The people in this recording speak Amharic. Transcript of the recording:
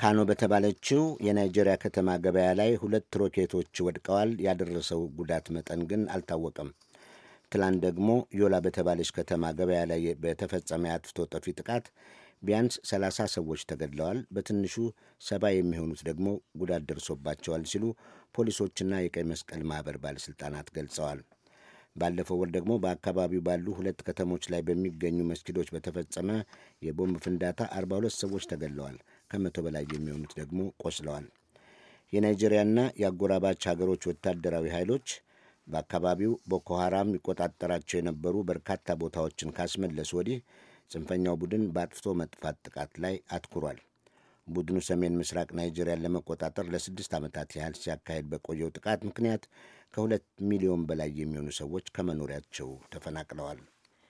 ካኖ በተባለችው የናይጄሪያ ከተማ ገበያ ላይ ሁለት ሮኬቶች ወድቀዋል። ያደረሰው ጉዳት መጠን ግን አልታወቀም። ትላንት ደግሞ ዮላ በተባለች ከተማ ገበያ ላይ በተፈጸመ አጥፍቶ ጠፊ ጥቃት ቢያንስ 30 ሰዎች ተገድለዋል፣ በትንሹ ሰባ የሚሆኑት ደግሞ ጉዳት ደርሶባቸዋል ሲሉ ፖሊሶችና የቀይ መስቀል ማኅበር ባለሥልጣናት ገልጸዋል። ባለፈው ወር ደግሞ በአካባቢው ባሉ ሁለት ከተሞች ላይ በሚገኙ መስጊዶች በተፈጸመ የቦምብ ፍንዳታ 42 ሰዎች ተገለዋል። ከመቶ በላይ የሚሆኑት ደግሞ ቆስለዋል። የናይጄሪያና የአጎራባች ሀገሮች ወታደራዊ ኃይሎች በአካባቢው ቦኮ ሐራም ይቆጣጠራቸው የነበሩ በርካታ ቦታዎችን ካስመለሱ ወዲህ ጽንፈኛው ቡድን በአጥፍቶ መጥፋት ጥቃት ላይ አትኩሯል። ቡድኑ ሰሜን ምስራቅ ናይጄሪያን ለመቆጣጠር ለስድስት ዓመታት ያህል ሲያካሄድ በቆየው ጥቃት ምክንያት ከሁለት ሚሊዮን በላይ የሚሆኑ ሰዎች ከመኖሪያቸው ተፈናቅለዋል።